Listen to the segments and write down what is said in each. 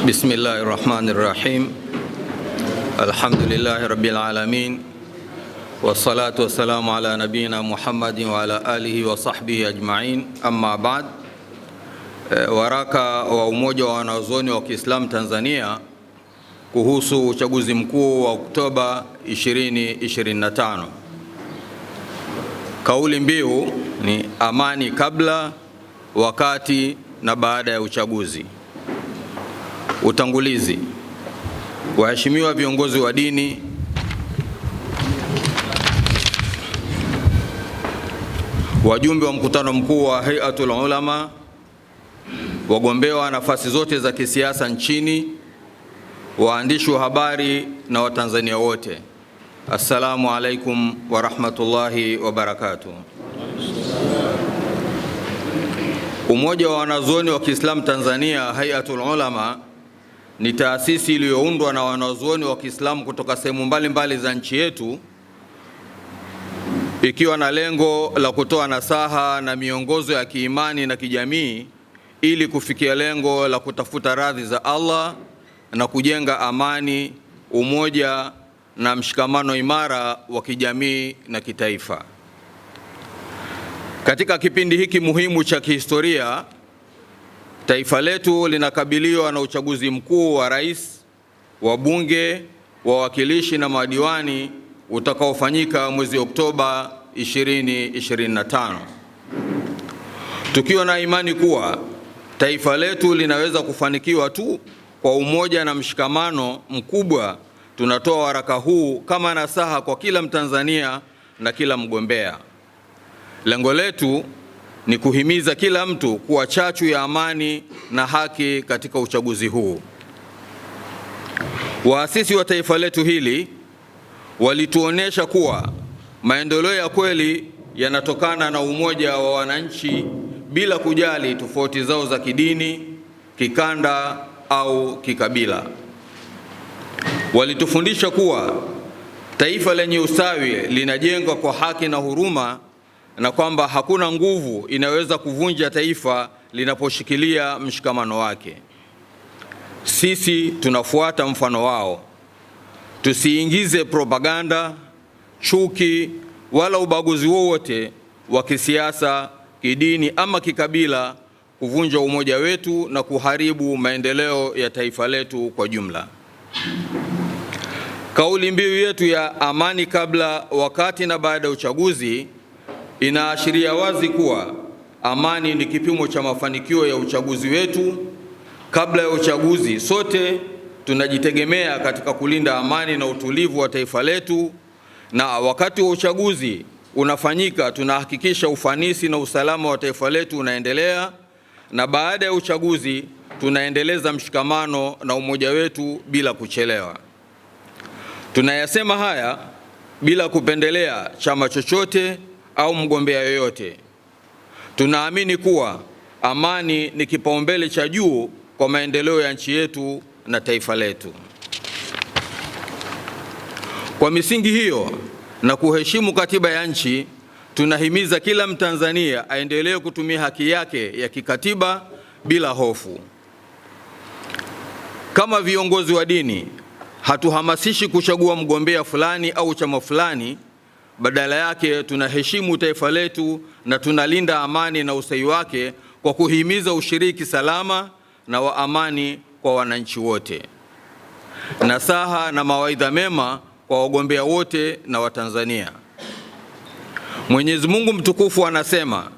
بسم الله الرحمن الرحيم الحمد لله رب العالمين والصلاة والسلام على نبينا محمد وعلى آله وصحبه أجمعين أما بعد Waraka wa Umoja wa Wanazuoni wa Kiislamu Tanzania kuhusu uchaguzi mkuu wa Oktoba 2025. Kauli mbiu ni amani kabla, wakati na baada ya uchaguzi. Utangulizi. Waheshimiwa viongozi wa dini, wajumbe wa mkutano mkuu wa Hayatul Ulama, wagombea wa nafasi zote za kisiasa nchini, waandishi wa habari na Watanzania wote, assalamu alaikum warahmatullahi wabarakatuh. Umoja wa wanazuoni wa Kiislamu Tanzania Hayatul Ulama ni taasisi iliyoundwa na wanazuoni wa Kiislamu kutoka sehemu mbalimbali za nchi yetu ikiwa na lengo la kutoa nasaha na miongozo ya kiimani na kijamii ili kufikia lengo la kutafuta radhi za Allah na kujenga amani, umoja na mshikamano imara wa kijamii na kitaifa. Katika kipindi hiki muhimu cha kihistoria Taifa letu linakabiliwa na uchaguzi mkuu wa rais, wabunge, wawakilishi na madiwani utakaofanyika mwezi Oktoba 2025. Tukiwa na imani kuwa taifa letu linaweza kufanikiwa tu kwa umoja na mshikamano mkubwa, tunatoa waraka huu kama nasaha kwa kila Mtanzania na kila mgombea. Lengo letu ni kuhimiza kila mtu kuwa chachu ya amani na haki katika uchaguzi huu. Waasisi wa taifa letu hili walituonesha kuwa maendeleo ya kweli yanatokana na umoja wa wananchi bila kujali tofauti zao za kidini, kikanda au kikabila. Walitufundisha kuwa taifa lenye usawi linajengwa kwa haki na huruma na kwamba hakuna nguvu inayoweza kuvunja taifa linaposhikilia mshikamano wake. Sisi tunafuata mfano wao, tusiingize propaganda, chuki wala ubaguzi wowote wa kisiasa, kidini ama kikabila kuvunja umoja wetu na kuharibu maendeleo ya taifa letu kwa jumla. Kauli mbiu yetu ya amani kabla, wakati na baada ya uchaguzi inaashiria wazi kuwa amani ni kipimo cha mafanikio ya uchaguzi wetu. Kabla ya uchaguzi, sote tunajitegemea katika kulinda amani na utulivu wa taifa letu, na wakati wa uchaguzi unafanyika, tunahakikisha ufanisi na usalama wa taifa letu unaendelea, na baada ya uchaguzi tunaendeleza mshikamano na umoja wetu bila kuchelewa. Tunayasema haya bila kupendelea chama chochote au mgombea yoyote. Tunaamini kuwa amani ni kipaumbele cha juu kwa maendeleo ya nchi yetu na taifa letu. Kwa misingi hiyo na kuheshimu katiba ya nchi, tunahimiza kila Mtanzania aendelee kutumia haki yake ya kikatiba bila hofu. Kama viongozi wa dini, hatuhamasishi kuchagua mgombea fulani au chama fulani badala yake tunaheshimu taifa letu na tunalinda amani na ustawi wake kwa kuhimiza ushiriki salama na wa amani kwa wananchi wote. Nasaha na mawaidha mema kwa wagombea wote na Watanzania. Mwenyezi Mungu mtukufu anasema,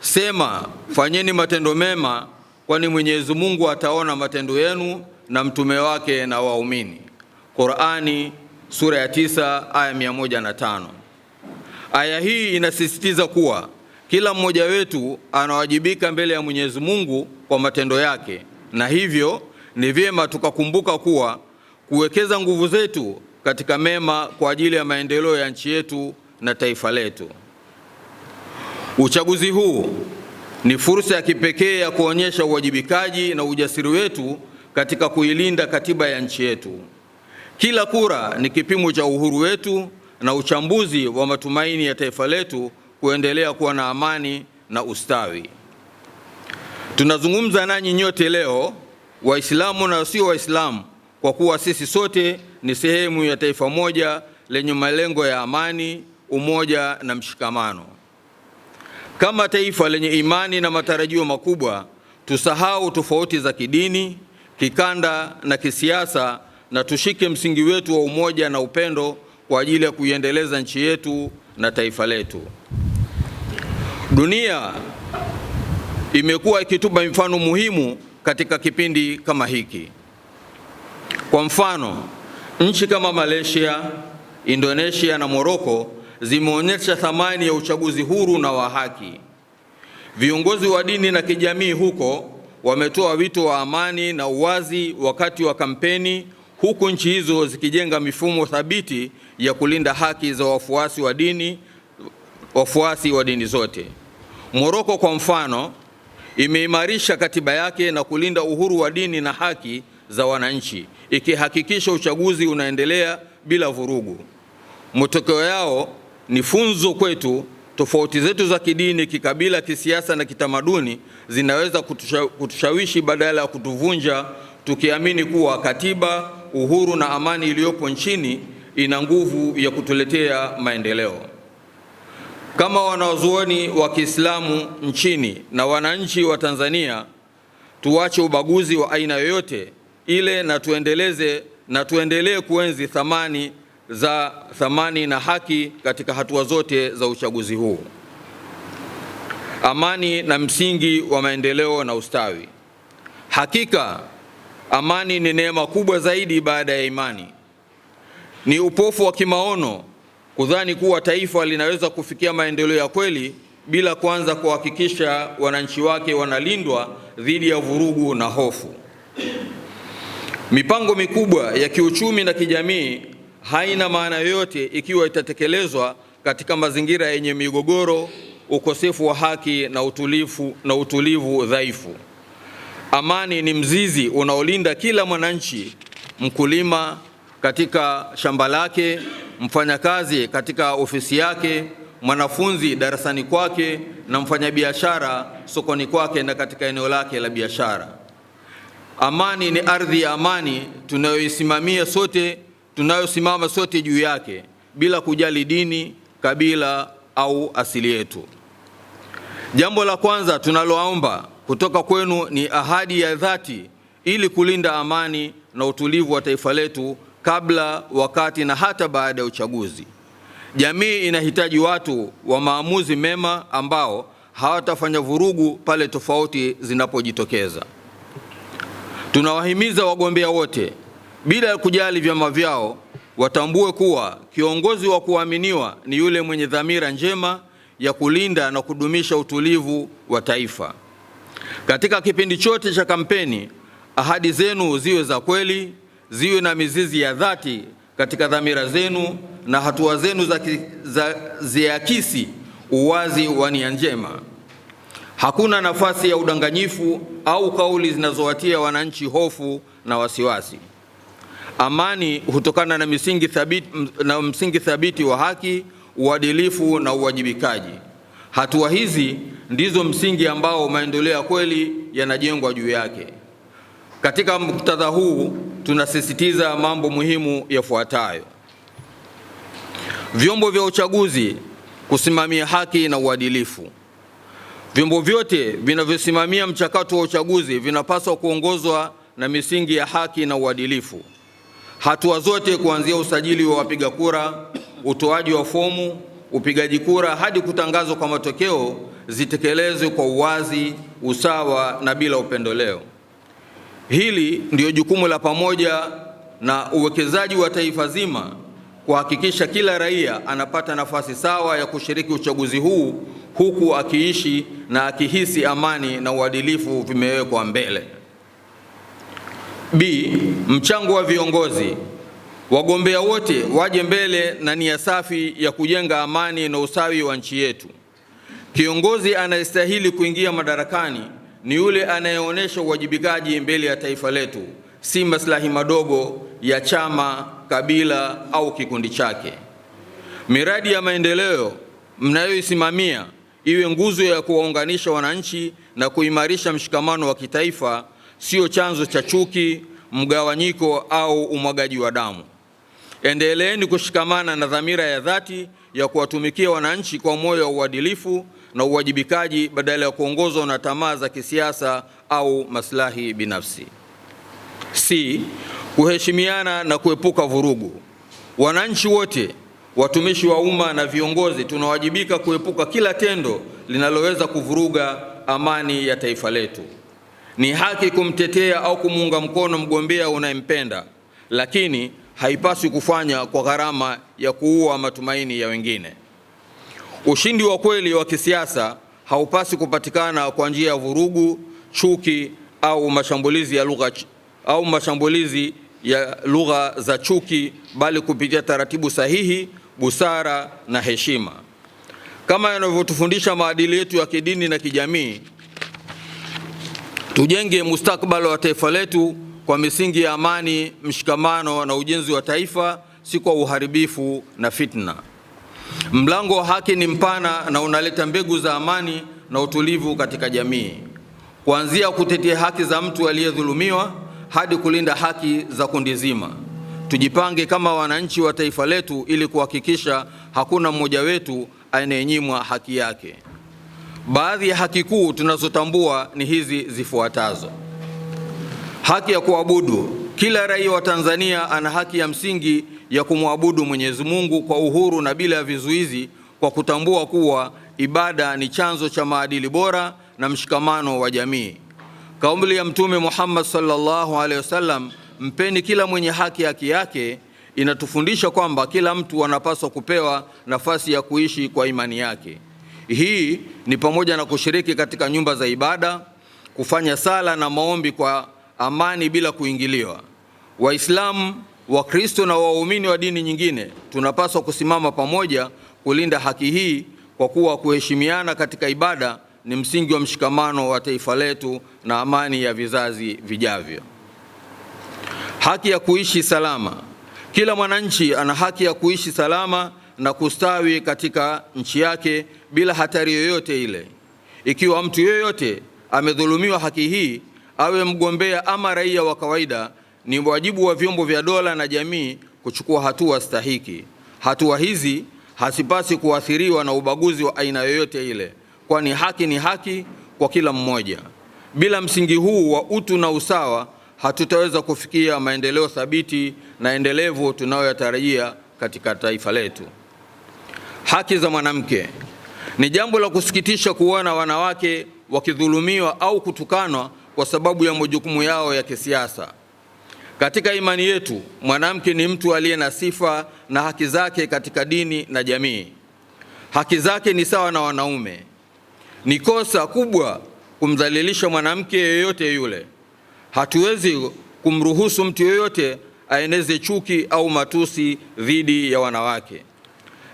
sema fanyeni matendo mema, kwani Mwenyezi Mungu ataona matendo yenu na mtume wake na waumini. Qur'ani sura ya 9 aya 105. Aya hii inasisitiza kuwa kila mmoja wetu anawajibika mbele ya Mwenyezi Mungu kwa matendo yake, na hivyo ni vyema tukakumbuka kuwa kuwekeza nguvu zetu katika mema kwa ajili ya maendeleo ya nchi yetu na taifa letu. Uchaguzi huu ni fursa ya kipekee ya kuonyesha uwajibikaji na ujasiri wetu katika kuilinda katiba ya nchi yetu. Kila kura ni kipimo cha uhuru wetu na uchambuzi wa matumaini ya taifa letu kuendelea kuwa na amani na ustawi. Tunazungumza nanyi nyote leo, Waislamu na wasio Waislamu, kwa kuwa sisi sote ni sehemu ya taifa moja lenye malengo ya amani, umoja na mshikamano. Kama taifa lenye imani na matarajio makubwa, tusahau tofauti za kidini, kikanda na kisiasa na tushike msingi wetu wa umoja na upendo kwa ajili ya kuiendeleza nchi yetu na taifa letu. Dunia imekuwa ikitupa mifano muhimu katika kipindi kama hiki. Kwa mfano, nchi kama Malaysia, Indonesia na Moroko zimeonyesha thamani ya uchaguzi huru na wa haki. Viongozi wa dini na kijamii huko wametoa wito wa amani na uwazi wakati wa kampeni huku nchi hizo zikijenga mifumo thabiti ya kulinda haki za wafuasi wa dini, wafuasi wa dini zote. Moroko kwa mfano imeimarisha katiba yake na kulinda uhuru wa dini na haki za wananchi, ikihakikisha uchaguzi unaendelea bila vurugu. Matokeo yao ni funzo kwetu. Tofauti zetu za kidini, kikabila, kisiasa na kitamaduni zinaweza kutushawishi badala ya kutuvunja, tukiamini kuwa katiba uhuru na amani iliyopo nchini ina nguvu ya kutuletea maendeleo. Kama wanazuoni wa Kiislamu nchini na wananchi wa Tanzania, tuache ubaguzi wa aina yoyote ile na tuendeleze na tuendelee kuenzi thamani za thamani na haki katika hatua zote za uchaguzi huu. Amani na msingi wa maendeleo na ustawi. Hakika Amani ni neema kubwa zaidi baada ya imani. Ni upofu wa kimaono kudhani kuwa taifa linaweza kufikia maendeleo ya kweli bila kwanza kuhakikisha wananchi wake wanalindwa dhidi ya vurugu na hofu. Mipango mikubwa ya kiuchumi na kijamii haina maana yoyote ikiwa itatekelezwa katika mazingira yenye migogoro, ukosefu wa haki na utulivu na utulivu dhaifu. Amani ni mzizi unaolinda kila mwananchi, mkulima katika shamba lake, mfanyakazi katika ofisi yake, mwanafunzi darasani kwake, na mfanyabiashara sokoni kwake na katika eneo lake la biashara. Amani ni ardhi ya amani tunayoisimamia sote, tunayosimama sote juu yake bila kujali dini, kabila au asili yetu. Jambo la kwanza tunaloomba kutoka kwenu ni ahadi ya dhati ili kulinda amani na utulivu wa taifa letu kabla, wakati na hata baada ya uchaguzi. Jamii inahitaji watu wa maamuzi mema ambao hawatafanya vurugu pale tofauti zinapojitokeza. Tunawahimiza wagombea wote bila ya kujali vyama vyao watambue kuwa kiongozi wa kuaminiwa ni yule mwenye dhamira njema ya kulinda na kudumisha utulivu wa taifa. Katika kipindi chote cha kampeni, ahadi zenu ziwe za kweli, ziwe na mizizi ya dhati katika dhamira zenu na hatua zenu za, za ziakisi uwazi wa nia njema. Hakuna nafasi ya udanganyifu au kauli zinazowatia wananchi hofu na wasiwasi. Amani hutokana na misingi thabiti, na msingi thabiti wa haki, uadilifu na uwajibikaji. Hatua hizi ndizo msingi ambao maendeleo ya kweli yanajengwa juu yake. Katika muktadha huu, tunasisitiza mambo muhimu yafuatayo: vyombo vya uchaguzi kusimamia haki na uadilifu. Vyombo vyote vinavyosimamia mchakato wa uchaguzi vinapaswa kuongozwa na misingi ya haki na uadilifu. Hatua zote kuanzia usajili wa wapiga kura, utoaji wa fomu upigaji kura hadi kutangazwa kwa matokeo zitekelezwe kwa uwazi, usawa na bila upendeleo. Hili ndiyo jukumu la pamoja na uwekezaji wa taifa zima kuhakikisha kila raia anapata nafasi sawa ya kushiriki uchaguzi huu huku akiishi na akihisi amani na uadilifu vimewekwa mbele. B, mchango wa viongozi Wagombea wote waje mbele na nia safi ya kujenga amani na usawi wa nchi yetu. Kiongozi anayestahili kuingia madarakani ni yule anayeonyesha uwajibikaji mbele ya taifa letu, si maslahi madogo ya chama, kabila au kikundi chake. Miradi ya maendeleo mnayoisimamia iwe nguzo ya kuwaunganisha wananchi na kuimarisha mshikamano wa kitaifa, sio chanzo cha chuki, mgawanyiko au umwagaji wa damu. Endeleeni kushikamana na dhamira ya dhati ya kuwatumikia wananchi kwa moyo wa uadilifu na uwajibikaji badala ya kuongozwa na tamaa za kisiasa au maslahi binafsi. C. Kuheshimiana na kuepuka vurugu. Wananchi wote, watumishi wa umma na viongozi tunawajibika kuepuka kila tendo linaloweza kuvuruga amani ya taifa letu. Ni haki kumtetea au kumuunga mkono mgombea unayempenda, lakini haipaswi kufanya kwa gharama ya kuua matumaini ya wengine. Ushindi wa kweli wa kisiasa haupaswi kupatikana kwa njia ya vurugu, chuki au mashambulizi ya lugha au mashambulizi ya lugha za chuki, bali kupitia taratibu sahihi, busara na heshima, kama yanavyotufundisha maadili yetu ya kidini na kijamii. Tujenge mustakabali wa taifa letu kwa misingi ya amani, mshikamano na ujenzi wa taifa, si kwa uharibifu na fitna. Mlango wa haki ni mpana na unaleta mbegu za amani na utulivu katika jamii, kuanzia kutetea haki za mtu aliyedhulumiwa hadi kulinda haki za kundi zima. Tujipange kama wananchi wa taifa letu ili kuhakikisha hakuna mmoja wetu anayenyimwa haki yake. Baadhi ya haki kuu tunazotambua ni hizi zifuatazo. Haki ya kuabudu. Kila raia wa Tanzania ana haki ya msingi ya kumwabudu Mwenyezi Mungu kwa uhuru na bila ya vizuizi, kwa kutambua kuwa ibada ni chanzo cha maadili bora na mshikamano wa jamii. Kauli ya Mtume Muhammad sallallahu alaihi wasallam, mpeni kila mwenye haki haki yake, inatufundisha kwamba kila mtu anapaswa kupewa nafasi ya kuishi kwa imani yake. Hii ni pamoja na kushiriki katika nyumba za ibada, kufanya sala na maombi kwa amani bila kuingiliwa. Waislamu, Wakristo na waumini wa dini nyingine tunapaswa kusimama pamoja kulinda haki hii, kwa kuwa kuheshimiana katika ibada ni msingi wa mshikamano wa taifa letu na amani ya vizazi vijavyo. Haki ya kuishi salama. Kila mwananchi ana haki ya kuishi salama na kustawi katika nchi yake bila hatari yoyote ile. Ikiwa mtu yoyote amedhulumiwa haki hii awe mgombea ama raia wa kawaida, ni wajibu wa vyombo vya dola na jamii kuchukua hatua stahiki. Hatua hizi hasipasi kuathiriwa na ubaguzi wa aina yoyote ile, kwani haki ni haki kwa kila mmoja. Bila msingi huu wa utu na usawa, hatutaweza kufikia maendeleo thabiti na endelevu tunayoyatarajia katika taifa letu. Haki za mwanamke. Ni jambo la kusikitisha kuona wanawake wakidhulumiwa au kutukanwa kwa sababu ya majukumu yao ya kisiasa. Katika imani yetu, mwanamke ni mtu aliye na sifa na haki zake katika dini na jamii. Haki zake ni sawa na wanaume. Ni kosa kubwa kumdhalilisha mwanamke yeyote yule. Hatuwezi kumruhusu mtu yeyote aeneze chuki au matusi dhidi ya wanawake.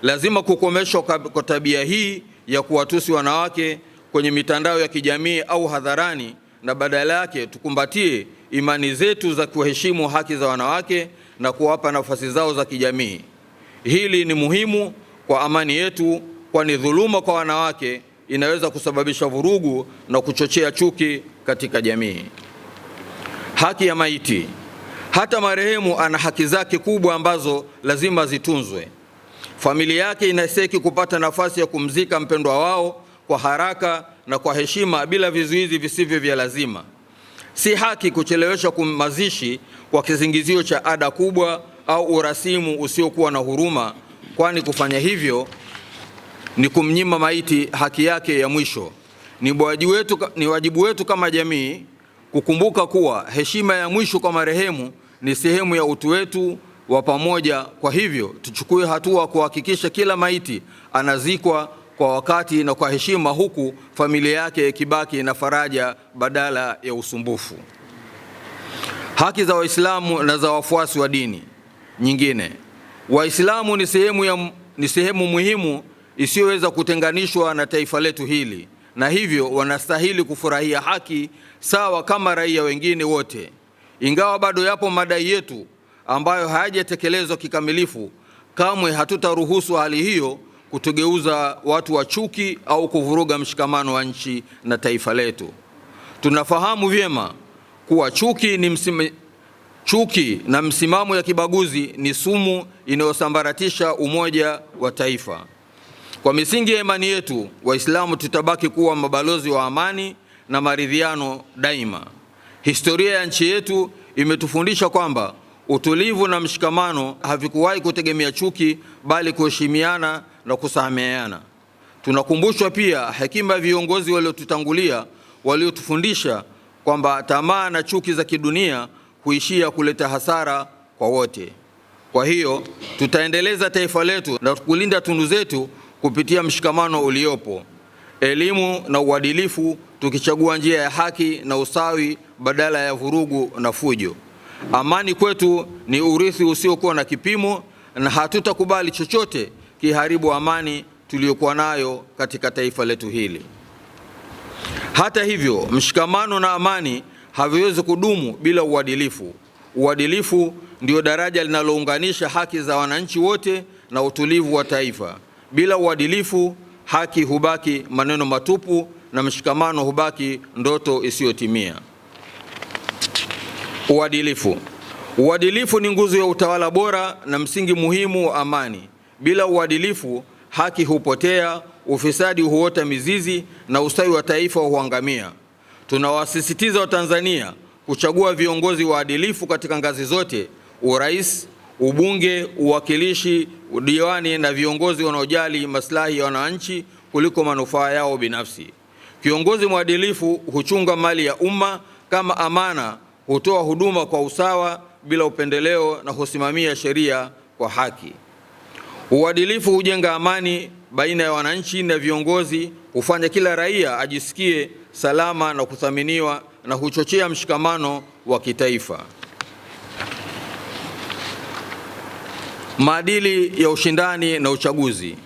Lazima kukomeshwa kwa tabia hii ya kuwatusi wanawake kwenye mitandao ya kijamii au hadharani na badala yake tukumbatie imani zetu za kuheshimu haki za wanawake na kuwapa nafasi zao za kijamii. Hili ni muhimu kwa amani yetu, kwani dhuluma kwa wanawake inaweza kusababisha vurugu na kuchochea chuki katika jamii. Haki ya maiti. Hata marehemu ana haki zake kubwa ambazo lazima zitunzwe. Familia yake inastahiki kupata nafasi ya kumzika mpendwa wao kwa haraka na kwa heshima bila vizuizi visivyo vya lazima. Si haki kuchelewesha mazishi kwa kisingizio cha ada kubwa au urasimu usiokuwa na huruma, kwani kufanya hivyo ni kumnyima maiti haki yake ya mwisho. Ni wajibu wetu, ni wajibu wetu kama jamii kukumbuka kuwa heshima ya mwisho kwa marehemu ni sehemu ya utu wetu wa pamoja. Kwa hivyo tuchukue hatua kuhakikisha kila maiti anazikwa kwa wakati na kwa heshima, huku familia yake ikibaki na faraja badala ya usumbufu. Haki za Waislamu na za wafuasi wa dini nyingine. Waislamu ni sehemu ya, ni sehemu muhimu isiyoweza kutenganishwa na taifa letu hili, na hivyo wanastahili kufurahia haki sawa kama raia wengine wote, ingawa bado yapo madai yetu ambayo hayajatekelezwa kikamilifu. Kamwe hatutaruhusu hali hiyo kutugeuza watu wa chuki au kuvuruga mshikamano wa nchi na taifa letu. Tunafahamu vyema kuwa chuki, ni msima, chuki na msimamo ya kibaguzi ni sumu inayosambaratisha umoja wa taifa. Kwa misingi ya imani yetu, Waislamu tutabaki kuwa mabalozi wa amani na maridhiano daima. Historia ya nchi yetu imetufundisha kwamba utulivu na mshikamano havikuwahi kutegemea chuki, bali kuheshimiana na kusameheana. Tunakumbushwa pia hekima ya viongozi waliotutangulia waliotufundisha kwamba tamaa na chuki za kidunia huishia kuleta hasara kwa wote. Kwa hiyo tutaendeleza taifa letu na kulinda tunu zetu kupitia mshikamano uliopo, elimu na uadilifu, tukichagua njia ya haki na usawi badala ya vurugu na fujo. Amani kwetu ni urithi usiokuwa na kipimo na hatutakubali chochote kiharibu amani tuliyokuwa nayo katika taifa letu hili. Hata hivyo, mshikamano na amani haviwezi kudumu bila uadilifu. Uadilifu ndio daraja linalounganisha haki za wananchi wote na utulivu wa taifa. Bila uadilifu, haki hubaki maneno matupu na mshikamano hubaki ndoto isiyotimia. Uadilifu. Uadilifu ni nguzo ya utawala bora na msingi muhimu wa amani. Bila uadilifu, haki hupotea, ufisadi huota mizizi na ustawi wa taifa huangamia. Tunawasisitiza Watanzania kuchagua viongozi waadilifu katika ngazi zote: urais, ubunge, uwakilishi, udiwani na viongozi wanaojali maslahi ya wananchi kuliko manufaa yao binafsi. Kiongozi mwadilifu huchunga mali ya umma kama amana, hutoa huduma kwa usawa bila upendeleo na husimamia sheria kwa haki. Uadilifu hujenga amani baina ya wananchi na viongozi, hufanya kila raia ajisikie salama na kuthaminiwa na huchochea mshikamano wa kitaifa. Maadili ya ushindani na uchaguzi.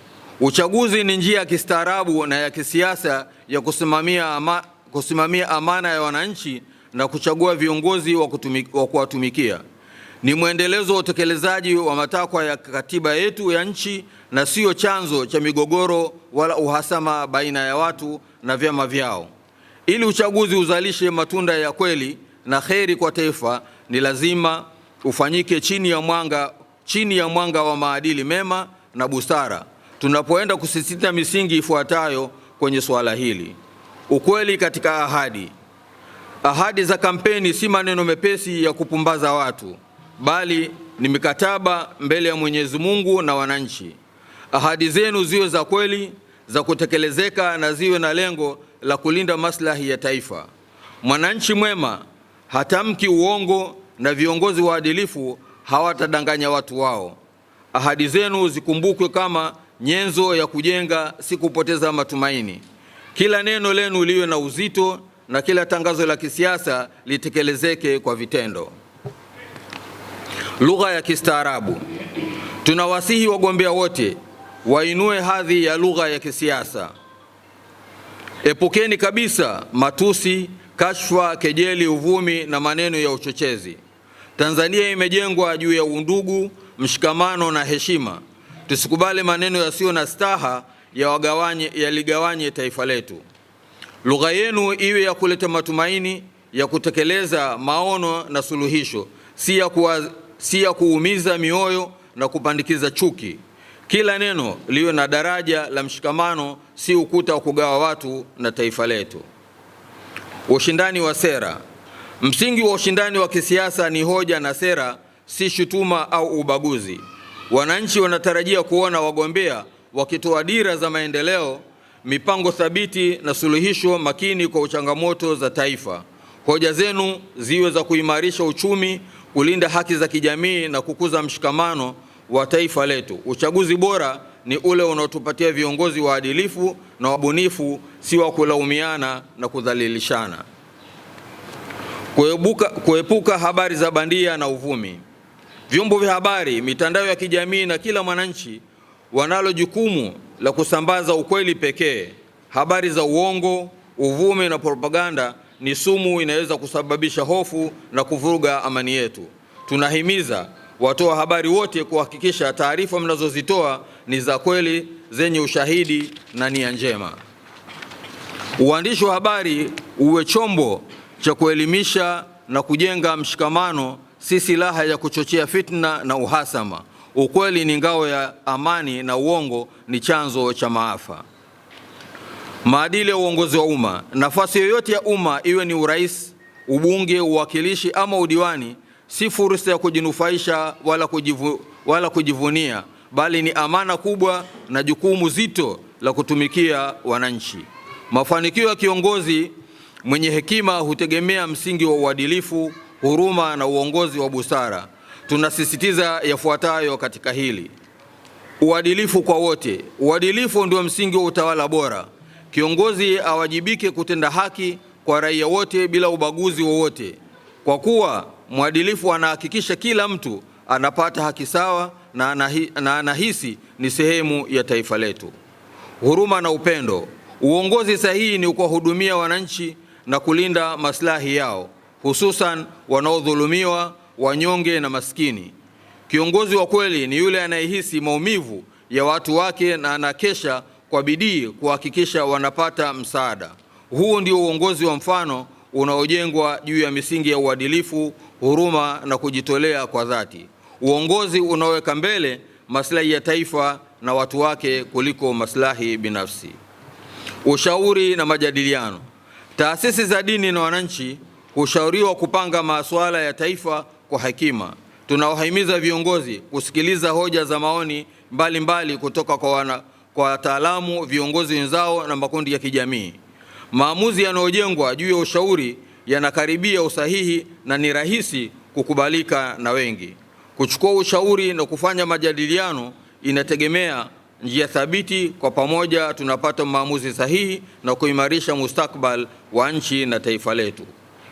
Uchaguzi ni njia ya kistaarabu na ya kisiasa ya kusimamia, ama, kusimamia amana ya wananchi na kuchagua viongozi wa kuwatumikia ni mwendelezo wa utekelezaji wa matakwa ya katiba yetu ya nchi na siyo chanzo cha migogoro wala uhasama baina ya watu na vyama vyao. Ili uchaguzi uzalishe matunda ya kweli na kheri kwa taifa, ni lazima ufanyike chini ya mwanga, chini ya mwanga wa maadili mema na busara, tunapoenda kusisitiza misingi ifuatayo kwenye suala hili: ukweli katika ahadi. Ahadi za kampeni si maneno mepesi ya kupumbaza watu bali ni mikataba mbele ya Mwenyezi Mungu na wananchi. Ahadi zenu ziwe za kweli, za kutekelezeka na ziwe na lengo la kulinda maslahi ya taifa. Mwananchi mwema hatamki uongo na viongozi waadilifu hawatadanganya watu wao. Ahadi zenu zikumbukwe kama nyenzo ya kujenga, si kupoteza matumaini. Kila neno lenu liwe na uzito na kila tangazo la kisiasa litekelezeke kwa vitendo lugha ya kistaarabu. Tunawasihi wagombea wote wainue hadhi ya lugha ya kisiasa. Epukeni kabisa matusi, kashfa, kejeli, uvumi na maneno ya uchochezi. Tanzania imejengwa juu ya undugu, mshikamano na heshima. Tusikubali maneno yasiyo na staha yaligawanye ya taifa letu. Lugha yenu iwe ya kuleta matumaini, ya kutekeleza maono na suluhisho, si ya kuwa si ya kuumiza mioyo na kupandikiza chuki. Kila neno liwe na daraja la mshikamano, si ukuta wa kugawa watu na taifa letu. Ushindani wa sera. Msingi wa ushindani wa kisiasa ni hoja na sera, si shutuma au ubaguzi. Wananchi wanatarajia kuona wagombea wakitoa dira za maendeleo, mipango thabiti na suluhisho makini kwa changamoto za taifa. Hoja zenu ziwe za kuimarisha uchumi, kulinda haki za kijamii na kukuza mshikamano wa taifa letu. Uchaguzi bora ni ule unaotupatia viongozi waadilifu na wabunifu, si wa kulaumiana na kudhalilishana. Kuepuka, kuepuka habari za bandia na uvumi. Vyombo vya habari, mitandao ya kijamii na kila mwananchi wanalo jukumu la kusambaza ukweli pekee. Habari za uongo, uvumi na propaganda ni sumu inaweza kusababisha hofu na kuvuruga amani yetu. Tunahimiza watoa habari wote kuhakikisha taarifa mnazozitoa ni za kweli, zenye ushahidi na nia njema. Uandishi wa habari uwe chombo cha kuelimisha na kujenga mshikamano, si silaha ya kuchochea fitna na uhasama. Ukweli ni ngao ya amani na uongo ni chanzo cha maafa maadili ya uongozi wa umma. Nafasi yoyote ya umma, iwe ni urais, ubunge, uwakilishi ama udiwani, si fursa ya kujinufaisha wala, kujivu, wala kujivunia, bali ni amana kubwa na jukumu zito la kutumikia wananchi. Mafanikio ya kiongozi mwenye hekima hutegemea msingi wa uadilifu, huruma na uongozi wa busara. Tunasisitiza yafuatayo katika hili: uadilifu kwa wote. Uadilifu ndio msingi wa utawala bora. Kiongozi awajibike kutenda haki kwa raia wote bila ubaguzi wowote, kwa kuwa mwadilifu anahakikisha kila mtu anapata haki sawa na, anahi, na anahisi ni sehemu ya taifa letu. Huruma na upendo. Uongozi sahihi ni kuwahudumia wananchi na kulinda maslahi yao, hususan wanaodhulumiwa, wanyonge na maskini. Kiongozi wa kweli ni yule anayehisi maumivu ya watu wake na anakesha kwa bidii kuhakikisha wanapata msaada. Huu ndio uongozi wa mfano unaojengwa juu ya misingi ya uadilifu, huruma na kujitolea kwa dhati, uongozi unaoweka mbele maslahi ya taifa na watu wake kuliko maslahi binafsi. Ushauri na majadiliano. Taasisi za dini na wananchi hushauriwa kupanga masuala ya taifa kwa hekima. Tunawahimiza viongozi kusikiliza hoja za maoni mbalimbali mbali kutoka kwa wana kwa wataalamu, viongozi wenzao na makundi ya kijamii. Maamuzi yanayojengwa juu ya ushauri yanakaribia usahihi na ni rahisi kukubalika na wengi. Kuchukua ushauri na kufanya majadiliano inategemea njia thabiti. Kwa pamoja, tunapata maamuzi sahihi na kuimarisha mustakbal wa nchi na taifa letu.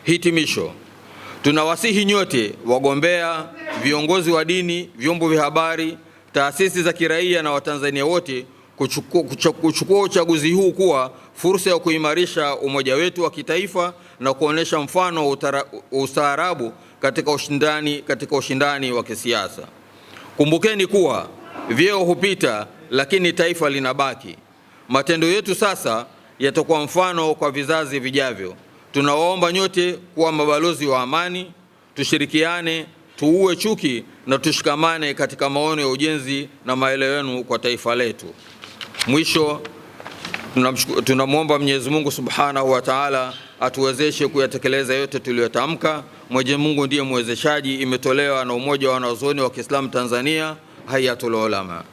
Hitimisho, tunawasihi nyote, wagombea, viongozi wa dini, vyombo vya habari, taasisi za kiraia na Watanzania wote kuchukua uchaguzi huu kuwa fursa ya kuimarisha umoja wetu wa kitaifa na kuonyesha mfano wa ustaarabu katika ushindani, katika ushindani wa kisiasa. Kumbukeni kuwa vyeo hupita, lakini taifa linabaki. Matendo yetu sasa yatakuwa mfano kwa vizazi vijavyo. Tunawaomba nyote kuwa mabalozi wa amani, tushirikiane, tuue chuki na tushikamane katika maono ya ujenzi na maelewano kwa taifa letu. Mwisho, tunamwomba Mwenyezi Mungu Subhanahu wa Ta'ala atuwezeshe kuyatekeleza yote tuliyotamka. Mwenyezi Mungu ndiye mwezeshaji. Imetolewa na Umoja wa Wanazuoni wa Kiislamu Tanzania, Hayatul Ulama.